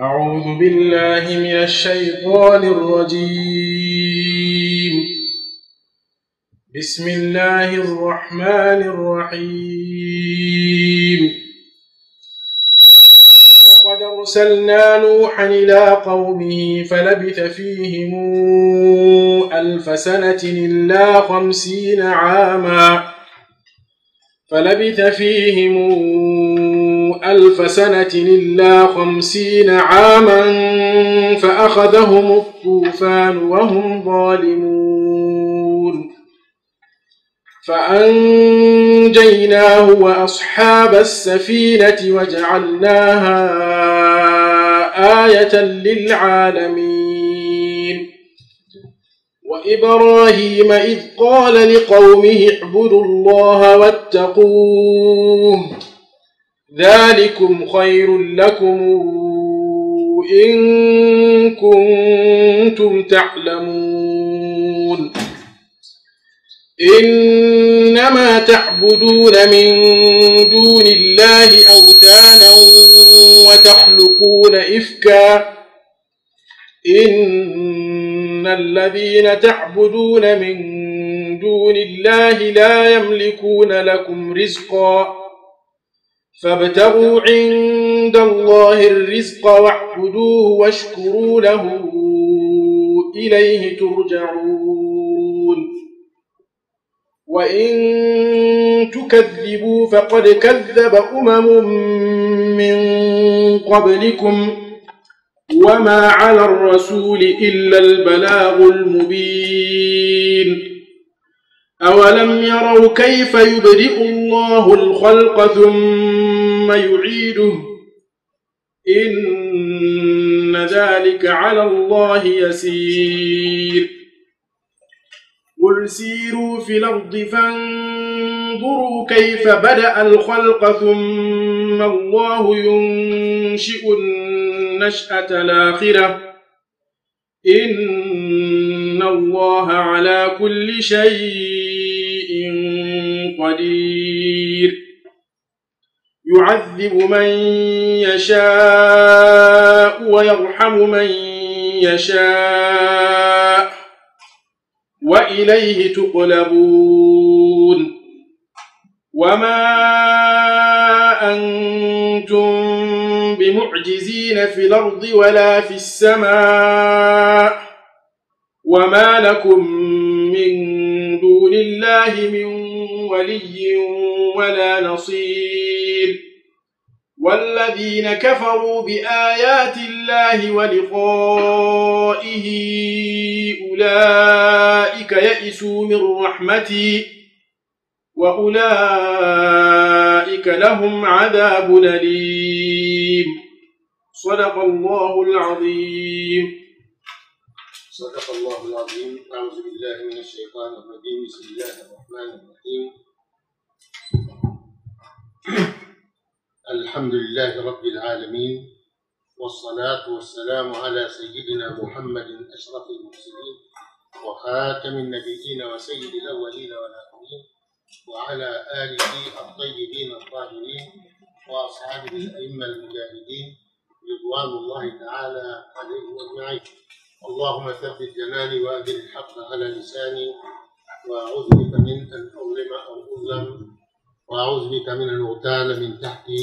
أعوذ بالله من الشيطان الرجيم بسم الله الرحمن الرحيم ولقد أرسلنا نوحا إلى قومه فلبث فيهم ألف سنة إلا خمسين عاما فلبث فيهم ألف سنة إلا خمسين عاما فأخذهم الطوفان وهم ظالمون فأنجيناه وأصحاب السفينة وجعلناها آية للعالمين وإبراهيم إذ قال لقومه اعبدوا الله واتقوه ذلكم خير لكم إن كنتم تعلمون إنما تعبدون من دون الله أوثانا وتخلقون إفكا إن الذين تعبدون من دون الله لا يملكون لكم رزقاً فابتغوا عند الله الرزق واعبدوه واشكروا له إليه ترجعون وإن تكذبوا فقد كذب أمم من قبلكم وما على الرسول إلا البلاغ المبين أولم يروا كيف يبرئ الله الخلق ثم ثم يعيده إن ذلك على الله يسير قل سيروا في الأرض فانظروا كيف بدأ الخلق ثم الله ينشئ النشأة الآخرة إن الله على كل شيء قدير يعذب من يشاء ويرحم من يشاء وإليه تقلبون وما أنتم بمعجزين في الأرض ولا في السماء وما لكم من دون الله من ولي ولا نصير والذين كفروا بآيات الله ولقائه أولئك يئسوا من رحمتي وأولئك لهم عذاب أليم صدق الله العظيم صدق الله العظيم أعوذ بالله من الشيطان الرجيم بسم الله الرحمن الرحيم الحمد لله رب العالمين والصلاة والسلام على سيدنا محمد أشرف المرسلين وخاتم النبيين وسيد الأولين والآخرين وعلى آله الطيبين الطاهرين وأصحابه الأئمة المجاهدين رضوان الله تعالى عليهم أجمعين اللهم ثبت جمالي وأدل الحق على لساني وأعوذ بك من أن أظلم أو أظلم وأعوذ بك من أن أغتال من تحتي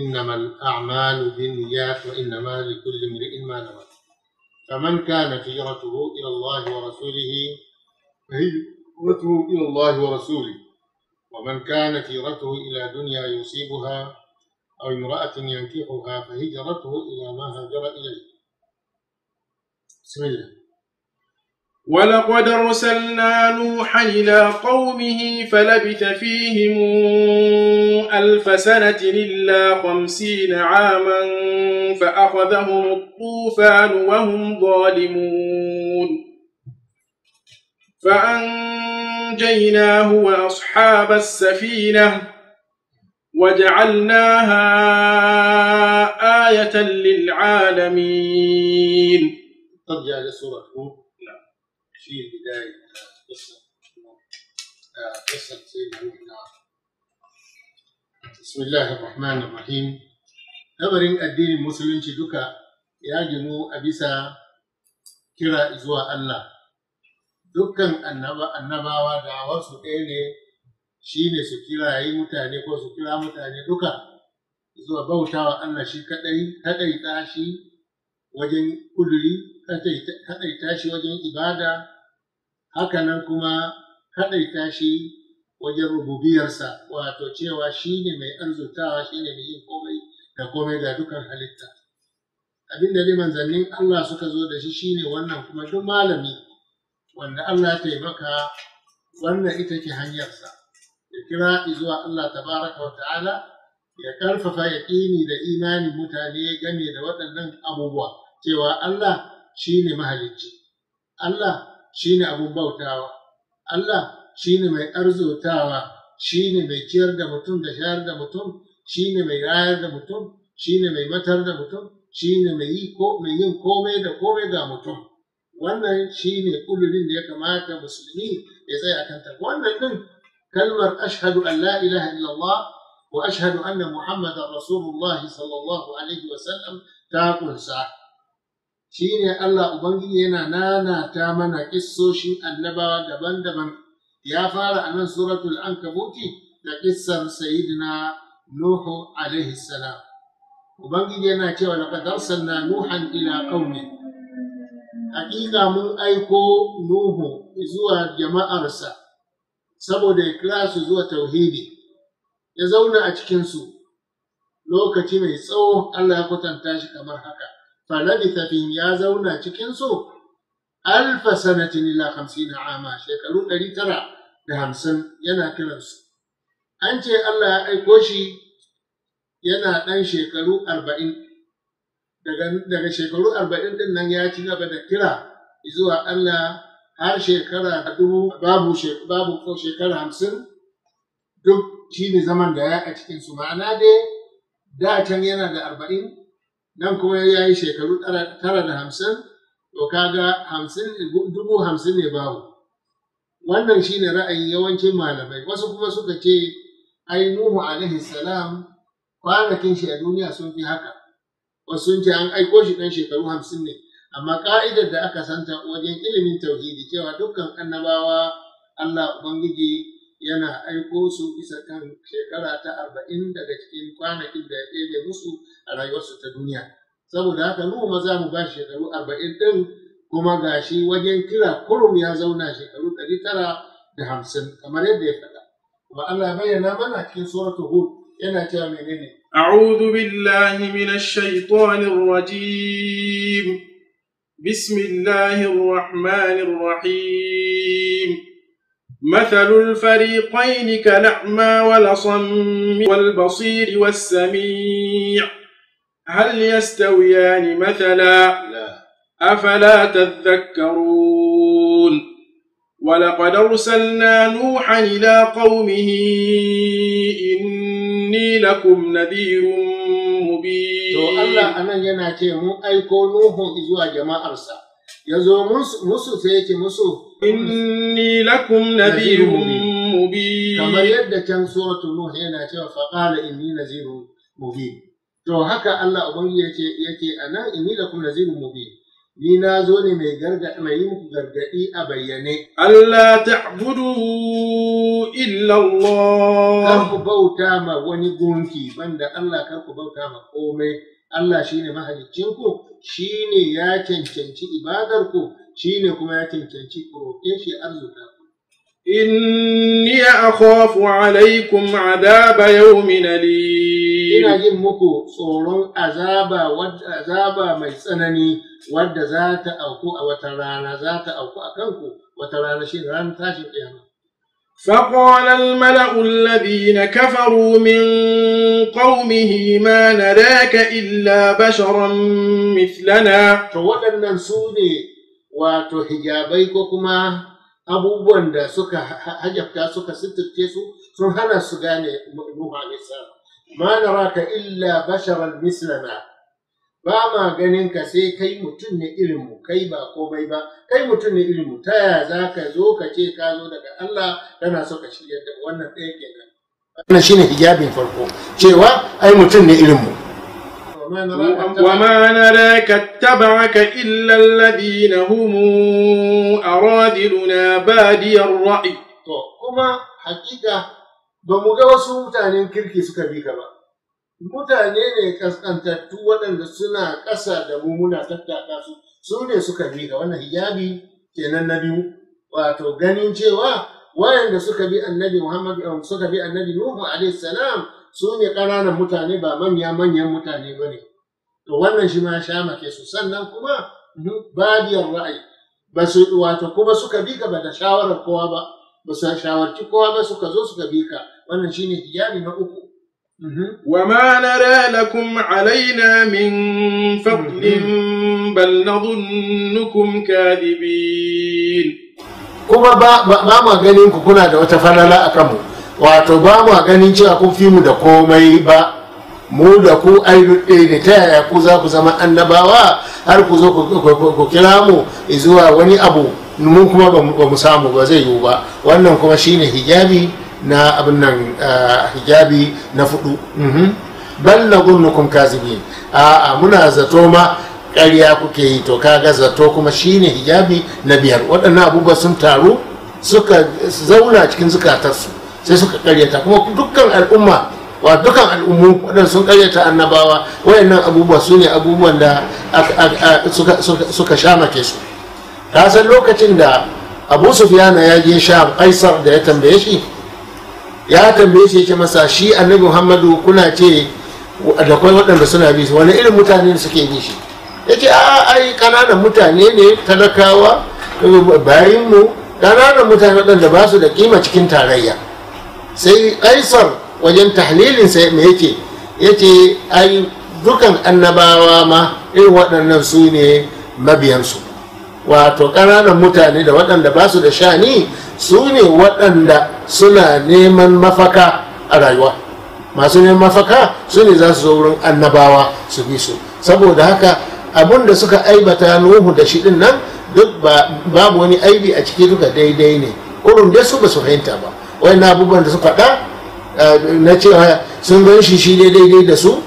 إنما الأعمال بالنيات وإنما لكل امرئ ما نوى فمن كانت هجرته إلى الله ورسوله فهجرته إلى الله ورسوله ومن كانت هجرته إلى دنيا يصيبها أو امرأة ينكحها فهجرته إلى ما هاجر إليه بسم الله ولقد ارسلنا نوحا إلى قومه فلبث فيهم ألف سنة إلا خمسين عاما فأخذهم الطوفان وهم ظالمون فأنجيناه وأصحاب السفينة وجعلناها آية للعالمين قد جاء لصورة هود في بداية قصة قصة سيدنا بسم الله الرحمن الرحيم أبرين addinin musulunci duka ya جنو a bisa kira zuwa Allah dukkan annabawa da wasu ɗaya ne shi ne su kirayi mutane ko su kira mutane duka zuwa bautawa Allah shi kaɗai kaɗai wajen kuduri kaɗaita tashi wajen ibada hakanan kuma kaɗaita shi wajen rububiyarsa wato cewa shi ne mai arzutawa shi ne mai yin komai da komai ga dukan halitta abin da manzannin Allah suka zo da shi shine wannan kuma duk malami wanda Allah ya taimaka wannan ita ke hanyarsa ya kira zuwa Allah tabaraka wa ta'ala ya karfafa yaƙini da imanin mutane game da waɗannan abubuwa cewa Allah shi ne mahalicci, Allah shi ne abin bautawa, Allah shi ne mai arzotawa, shi ne mai ciyar da mutum da shayar da mutum, shi ne mai rayar da mutum, shi ne mai matar da mutum, shi ne mai yin komai da komai ga mutum. Wannan shi ne ƙudurin da ya kamata musulmi ya tsaya kanta. Wannan ɗin kalmar ashadu Allah, la ilaha illallah wa ashhadu anna muhammadan rasulullahi sallallahu alaihi wa sallam ta kunsa. shi ne Allah Ubangiji yana nanata mana kisoshin annabawa daban-daban ya fara a nan suratul ankabuti da kissar sayidina Nuhu alaihi salam. Ubangiji yana cewa laqad arsalna Nuhan ila qaumi Hakika mun aiko Nuhu zuwa jama'arsa saboda ya kira su zuwa tauhidi ya zauna a cikinsu lokaci mai tsawo Allah ya kwatanta shi kamar haka. falabitha fihim ya zauna cikin su alfa sanatin ila 50 ama shekaru ɗari tara da hamsin yana kiransu an ce Allah ya aiko shi yana ɗan shekaru arba'in? daga shekaru arba'in din nan ya ci gaba da kira zuwa Allah har shekara dubu babu babu ko shekara 50 duk shine zaman da ya a cikin su ma'ana dai da can yana da arba'in? nan kuma ya yi shekaru tara da hamsin to kaga hamsin dubu hamsin ne babu wannan shine ra'ayin yawancin malamai wasu kuma suka ce ai nuhu alaihi salam kwanakin shi a duniya sun fi haka wasu sun ce an aiko shi dan shekaru hamsin ne amma ka'idar da aka santa wajen ilimin tauhidi cewa dukkan annabawa Allah Ubangiji yana aiko su bisa kan shekara ta arba'in daga cikin kwanakin da ya ɗebe musu a rayuwarsu ta duniya saboda haka nuhu maza mu ba shekaru arba'in ɗin kuma ga shi wajen kira kurum ya zauna shekaru ɗari tara da hamsin kamar yadda ya faɗa kuma Allah bayyana mana cikin suratul hud yana cewa menene أعوذ بالله من الشيطان الرجيم بسم الله الرحمن الرحيم مثل الفريقين كنعمى ولصم والبصير والسميع هل يستويان مثلا لا. أفلا تذكرون ولقد أرسلنا نوحا إلى قومه إني لكم نذير مبين. تو الله أنا جناتهم أي mun إزواج ما أرسل ya zo musu sai yake musu inni lakum nadhirun mubin kamar yadda can suratul nuh yana cewa fa qala inni nadhirun mubin to haka Allah ubangi yake yake ana inni lakum nadhirun mubin ni na zo ne mai gargaɗi mai yin gargaɗi a bayyane Allah ta'budu illa Allah kar ku bauta ma wani gunki banda Allah kar ku bauta ma komai Allah shine mahaliccin ku shine ya cancanci ibadar ku shine kuma ya cancanci ku roƙe shi arzuta ni ya akhafu alaikum adaba yawmin alim ina jin muku tsoron azaba azaba mai tsanani wadda za ta auku a wata rana za ta auku a kanku wata rana shi ran tashin kiyama فقال الملأ الذين كفروا من قومه ما نراك إلا بشرا مثلنا تودن نسودي واتو أبو بوند سكا حجبتا سكا ست التيسو سنهانا سقاني نوح عليه السلام ما نراك إلا بشرا مثلنا ba ma ganin ka sai kai mutum ne irin mu kai ba komai ba kai mutum ne irin mu ta yaya za ka zo ka ce ka zo daga Allah kana so ka shirya da wannan ɗaya ke nan wannan shine hijabin farko cewa ai mutum ne irin mu وما نراك اتبعك إلا الذين هم أرادلنا بادي الرأي. كما حقيقة بمجاوز متعنين كركي سكبيك بقى. mutane ne kaskantattu waɗanda suna ƙasa da mu muna tattaka su su ne suka bi ga wannan hijabi kenan na biyu wato ganin cewa wayanda suka bi annabi Muhammad eh, suka bi annabi Nuhu alaihi salam su ne ƙananan mutane ba manya manyan mutane ba ne to wannan shi ma sha make su sannan kuma badiyar ra'ayi ba su wato kuma suka bi ka ba da shawarar kowa ba ba su shawarci kowa ba suka zo suka bi ka wannan shine hijabi na uku Mm-hmm. وما نرى لكم علينا من فضل mm-hmm. بل نظنكم كاذبين kuma ba ma ganin ku kuna da wata falala a kanmu wato ba ma ganin cewa kun fi mu da komai ba mu da ku ai ɗaya ne ta yaya ku za ku zama annabawa har ku zo ku kira mu zuwa wani abu mun kuma ba mu samu ba zai yiwu ba wannan kuma shine hijabi na abin nan hijabi na fudu mhm. bal na gunnukum kazibi a muna zato ma ƙarya kuke yi to kaga zato kuma shine hijabi na biyar waɗannan abubuwa sun taru suka zauna cikin zukatarsu sai suka ƙaryata kuma dukkan al'umma wa dukkan al'ummu waɗanda sun ƙaryata annabawa wayannan abubuwa su ne abubuwan da suka shamake su ka san lokacin da abu sufiyana ya je sha kaisar da ya tambaye shi ya tambaye shi yake masa shi annabi muhammadu kuna ce da kwai waɗanda suna bi wani irin mutane suke bi shi ya ce a ai kananan mutane ne talakawa mu kananan mutane waɗanda ba su da kima cikin tarayya sai kaisar wajen tahlilin sai me yake ya ce ai dukan annabawa ma irin waɗannan su ne mabiyansu wato ƙananan mutane da waɗanda ba su da shani su ne waɗanda suna neman mafaka a rayuwa masu neman mafaka su ne za su zo wurin annabawa su bi su saboda haka abun da suka aibata nuhu da shi nan duk babu wani aibi a ciki duka daidai ne kurum da su ba su fahimta ba wani abubuwan da su faɗa eh, na cewa sun gan shi shi daidai da su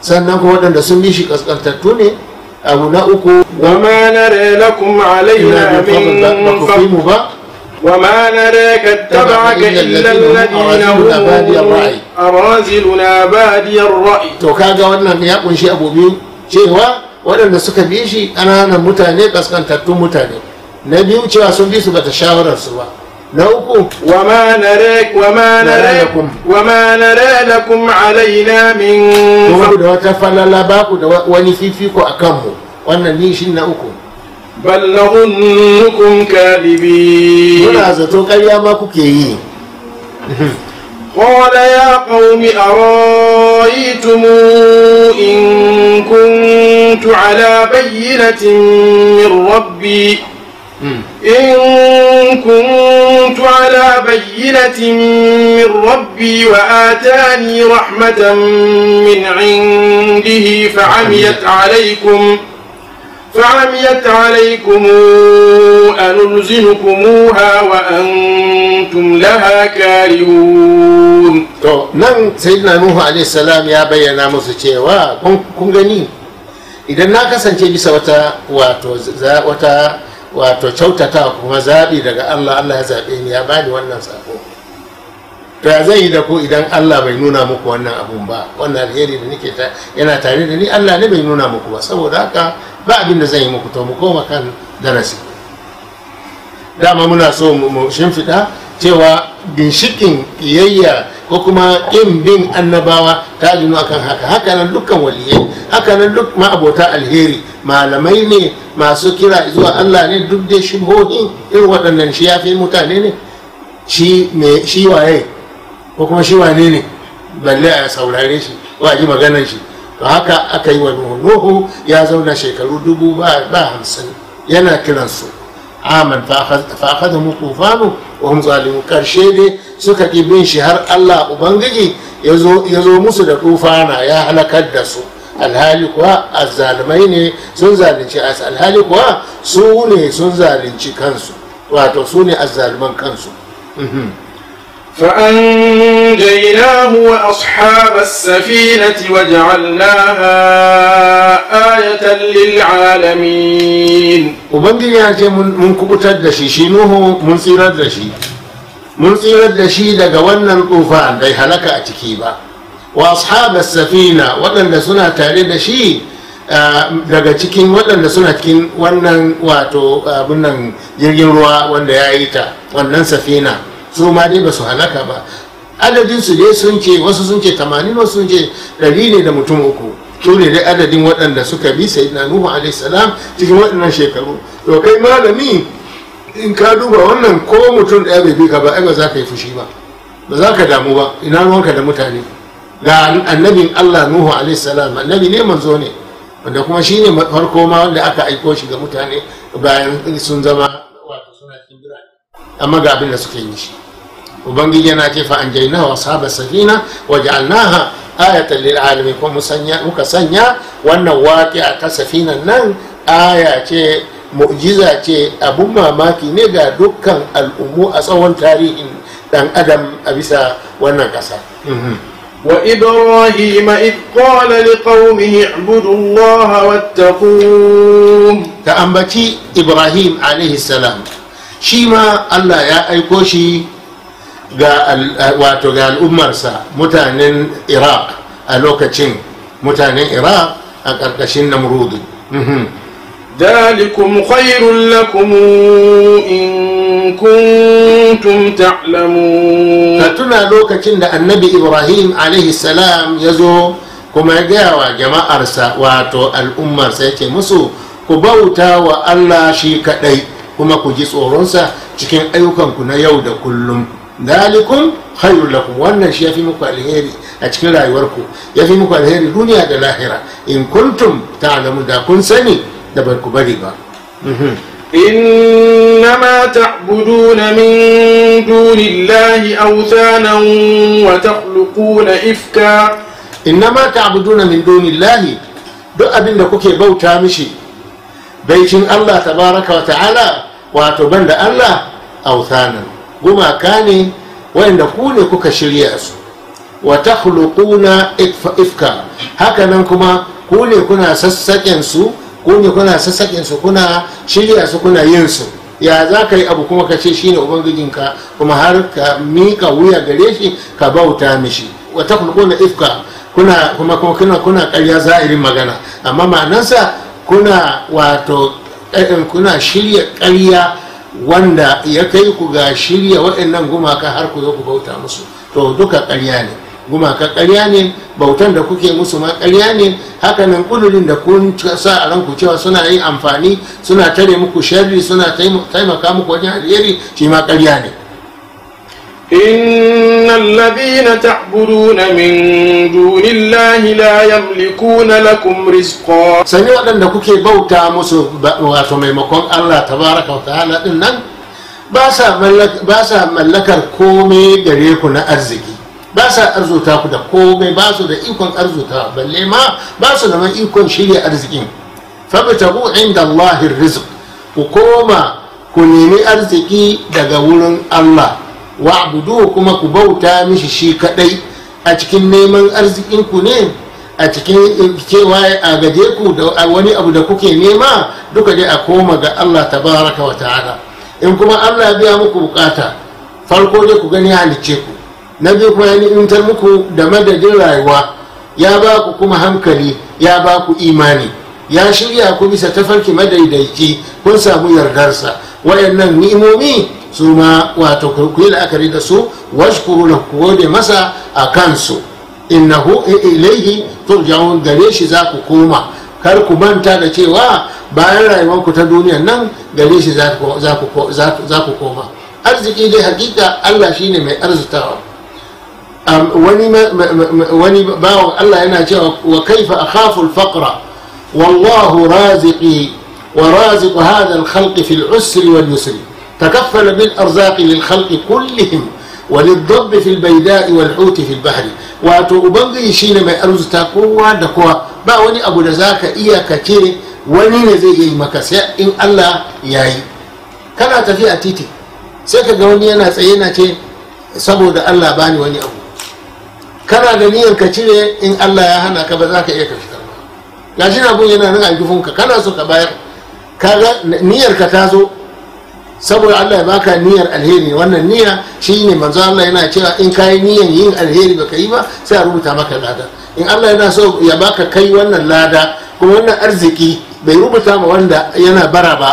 sannan kuma waɗanda sun bi shi ƙasƙantattu ne abu na uku wa ma nare lakum alaina min fadl ba ku mu ba وما نراك اتبعك الا الذين هم أرازلنا بادي الراي to كاجا wannan ya kunshi abu biyu cewa waɗanda suka bi shi nan mutane kaskantattun mutane na biyu cewa sun bi su bata shawarar su ba na uku wama nare wama nare wama nare alaina min kuma da wata falala ba ku da wani fifiko akan mu wannan ni shi na uku بل نظنكم كاذبين قال يا قوم أرأيتم إن كنت على بينة من ربي إن كنت على بينة من ربي وآتاني رحمة من عنده فعميت عليكم ۖ فعميت عليكم أنلزمكموها وأنتم لها كارهون to nan sayyidina nuhu alaihi salam ya bayyana musu cewa kun gani idan na kasance bisa wata wato wata wato kyautata kuma zaɓi daga Allah Allah ya zaɓe ni ya bani wannan sako to zai yi da ku idan Allah bai nuna muku wannan abun ba wannan alheri da nake ta yana tare da ni Allah ne bai nuna muku ba saboda haka ba abin da zan yi muku to mu koma kan darasi dama muna so mu shimfiɗa cewa ginshikin kiyayya ko kuma ƙin bin annabawa ta jinu akan haka haka nan dukkan waliyai haka nan duk ma'abota alheri malamai ne masu kira zuwa Allah ne duk da bohin irin waɗannan shi ya fi mutane ne shi waye ko kuma shi wane ne balle a saurare shi ko a ji maganar shi to haka aka yi wa nuhu ya zauna shekaru dubu ba hamsin yana kiransu aman fa akhadha mu tufanu wa hum zalimun karshe ne suka ki bin shi har Allah ubangiji ya zo musu da tufana ya halakar da su alhali kuwa azzalimai ne sun zalunci alhali kuwa su ne sun zalunci kansu wato su ne azzaliman kansu mhm. فأنجيناه وأصحاب السفينة وجعلناها آية للعالمين وبنجي يأتي من كبتر دشي شنوه من سيرة دشي من tsirar da لقوانا daga دي tsufa bai وأصحاب السفينة ciki ba wa دشي eh, daga cikin waɗanda suna cikin wannan wato eh, abin jirgin ruwa wanda ya yi ta wannan safina su ma dai ba su halaka ba adadin su dai sun ce wasu sun ce 80 wasu sun ce 100 ne da mutum uku su ne dai adadin waɗanda suka bi sayyidina nuhu alaihi salam cikin waɗannan shekaru to kai malami in ka duba wannan ko mutum ɗaya bai bi ka ba ai ba za ka yi fushi ba ba za ka damu ba ina ruwanka da mutane ga annabin Allah Nuhu alaihi salam annabi ne manzo ne wanda kuma shine farko ma wanda aka aiko shi ga mutane bayan sun zama A ga abin da suka yi shi ubangiji yana ce fa anjayna wa sahaba safina wa ja'alnaha ayata lil alamin ko muka sanya wannan a ta Safina nan aya ce mu'jiza ce abun mamaki ne ga dukkan al'ummu a tsawon tarihin dan adam a bisa wannan kasa وإبراهيم li Ibrahim. لقومه allaha الله واتقوه تأمبتي إبراهيم shi ma allah ya aiko shi ga wato ga al'ummarsa mutanen iraq a lokacin mutanen iraq a karkashin namrudu mhm. dalikum khairun lakum in kuntum ta'lamun ka tuna lokacin da annabi ibrahim alaihi salam ya zo kuma ya gaya wa jama'arsa wato al'ummarsa yake musu ku bauta wa allah shi kaɗai. kuma ku ji tsoronsa cikin ayyukanku na yau da kullum dalikun hayu lakum wannan shi ya fi muku alheri a cikin rayuwarku Ya fi muku alheri duniya da lahira in kuntum ta'lamu da kun sani da bar ku bari ba إنما تعبدون من دون الله أوثانا وتخلقون إفكا إنما تعبدون من دون الله duk abin da kuke bauta mishi baikin Allah tabaraka ta'ala wato banda Allah authanan gumaka ne wayanda ku ne kuka shirya su wa takhluquna ifka haka nan kuma ku ne kuna sassaƙen su ku ne kuna sassaƙen su kuna shirya su kuna yin su ya za ka yi abu kuma ka ce shi ne ubangijinka kuma har ka miƙa wuya gare shi ka bauta mishi wa takhluquna ifka kuna kuma kuna kuna ƙarya za'irin magana amma ma'anansa kuna wato Eh, kuna shirya ƙarya wanda ya kai ku ga shirya waɗannan gumaka har ku zo ku bauta musu to duka ƙarya ne gumaka ƙarya ne bautan da kuke musu ma ƙarya ne hakanan ƙudurin da kun sa a ranku cewa suna yin amfani suna tare muku sharri suna taimaka muku wajen alheri shi ma ƙarya ne إن الذين تعبدون من دون الله لا يملكون لكم رزقا سنة أن كوكي بوتا مسو واتو ميمكم الله تبارك وتعالى إنن باسا ملكر كومي غريكونا أرزقي ba sa arzuta ku da komai ba su da ikon arzuta balle ma ba su da ikon shirya arzikin fabtagu inda Allahin rizq ku koma ku nemi arziki daga wurin Allah wa'budu kuma ku bauta mishi shi kadai a cikin neman arzikinku ne a cikin cewa a gaje ku da wani abu da kuke nema duka dai a koma ga Allah tabaraka wa ta'ala in kuma Allah biya muku bukata farko dai ku gani halicce ku na biyu kuma ya ni'imtar muku da madadin rayuwa ya ba ku kuma hankali ya ba ku imani ya shirya ku bisa tafarki madaidaici kun samu yardarsa wayannan ni'imomi su ma wato ku la'akari da su washkuru na ku masa a kansu innahu ilaihi turja'un gare shi za ku koma kar ku manta da cewa bayan rayuwarku ta duniyan nan gare shi za ku koma arziki dai hakika Allah shine mai arzitawa wani bawan Allah yana cewa wa kaifa akhafu faqra wallahu raziqi wa raziqu hadha al-khalqi fil usri wal yusri تكفل بالأرزاق للخلق كلهم وللضب في البيداء والحوت في bahari wato ubangiji shine mai arzuta kowa da kowa ba wani abu da zaka iyakace wani ne zai yi maka sai in Allah ya yi kana tafi a titi sai ka ga wani yana tsaye na ce saboda Allah bani wani abu kana da niyyar ka cire in Allah ya hana ka ba zaka iya ka fitar ba gashi yana nan a ka kana so ka bayar ka ga niyyar ka ta zo saboda Allah ya baka niyyar alheri wannan niyya shine manzo Allah yana cewa in kayi niyyar yin alheri baka yi ba sai a rubuta maka lada in Allah yana so ya baka kai wannan lada kuma wannan arziki bai rubuta ma wanda yana bara ba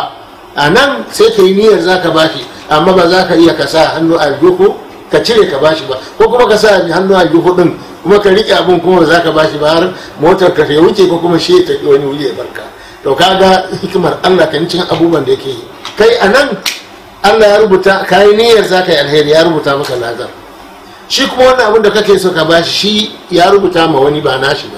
a nan sai ka yi niyyar za ka bashi amma ba za ka iya ka sa hannu a aljihu ka cire ka bashi ba ko kuma ka sa hannu a aljihu din kuma ka riƙe abin kuma ba za ka bashi ba har motar ka ta wuce ko kuma shi ta wani wuri ya barka to kaga hikimar Allah kan cin abubuwan da yake yi kai a nan allah ya rubuta ka niyyar za ka yi alheri ya rubuta maka ladar shi kuma wani abin da kake so ka ba shi shi ya rubuta ma wani ba shi ba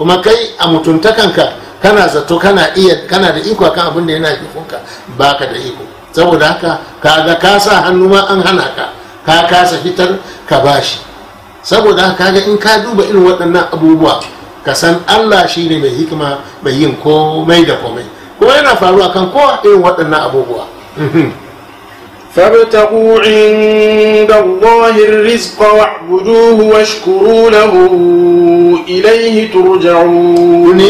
kuma kai a mutuntakanka kana zato kana iya kana da iko kan abin da yana ikonka ba ka da iko saboda haka kaga ka sa hannu ma an hana ka ka kasa fitar ka ba shi saboda haka ga in ka duba irin waɗannan abubuwa ka san allah shine mai hikima mai yin komai da komai ko yana faruwa kan kowa irin waɗannan abubuwa فابتغوا عند الله الرزق واعبدوه واشكروا له إليه ترجعون